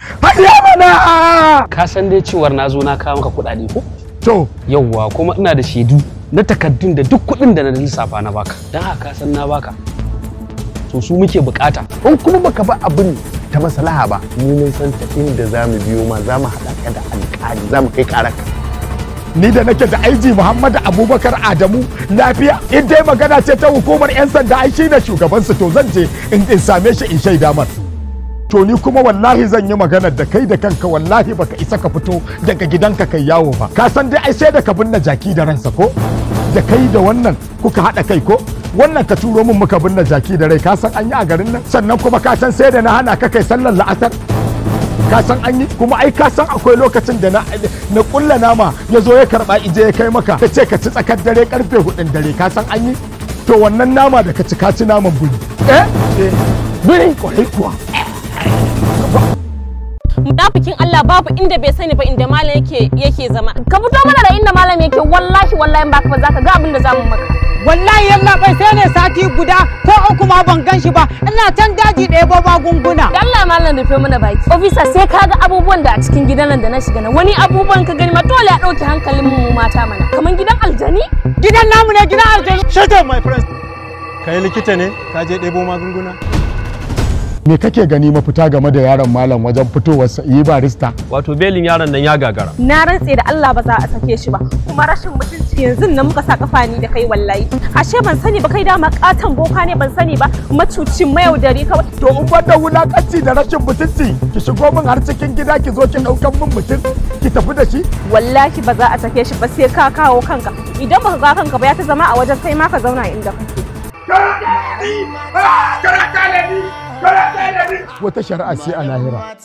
Hajiya mana! Ka san dai cewar na zo na kawo maka kuɗaɗe ko? To. Yawwa kuma ina da shaidu na takardun da duk kuɗin da na lissafa na baka. Dan haka san na baka. To su muke bukata. In kuma baka ba abin ta maslaha ba. Ni mun san ta inda za mu biyo ma za mu haɗa ka da alƙali za mu kai karaka. Ni da nake da aiji Muhammadu Abubakar Adamu lafiya in dai magana ce ta hukumar 'yan sanda ai shi ne shugabansu to zan je in same shi in shaida mar. to ni kuma wallahi zan yi magana da kai da kanka wallahi baka isa ka fito daga gidanka kai yawo ba ka san dai ai sai da ka binne jaki da ransa ko da kai da wannan kuka haɗa kai ko wannan ka turo min muka binne jaki da rai ka san an yi a garin nan sannan kuma ka san sai da na hana ka kai sallar la'asar ka san an yi kuma ai ka san akwai lokacin da na na kulla nama ya zo ya karba ije ya kai maka ka ce ka ci tsakar dare karfe hudun dare ka san an yi to wannan nama da ka ci ka ci naman buri eh buri eh. eh. kwarai kuwa munafikin Allah babu inda bai sani ba inda malam yake yake zama ka fito mana da inda malam yake wallahi wallahi ka ba ka ga abin da zamu maka wallahi yalla bai sai ne sati guda ko uku ma ban gan shi ba ina can daji da yabo ba gunguna Allah malam rufe mana baki officer sai ka ga abubuwan da a cikin gidan nan da na shiga na wani abubuwan ka gani ma dole ya dauke hankalin mu mata mana kaman gidan aljani gidan namu ne gidan aljani shut up my friend kai likita ne ka je ɗebo magunguna me kake gani mafita game da yaron malam wajen fitowar sa yi barista wato belin yaron nan ya gagara na rantse da Allah ba za a sake shi ba kuma rashin mutunci yanzu nan muka sa kafa ni da kai wallahi ashe ban sani ba kai dama katan boka ne ban sani ba macucin mayaudari kawai to in gwada wulakanci da rashin mutunci ki shigo min har cikin gida ki zo ki daukan min mutum ki tafi da shi wallahi ba za a sake shi ba sai ka kawo kanka idan baka ga kanka ba ya ta zama a wajen sai ma ka zauna inda kake Karata ni! wata shari'a sai a lahira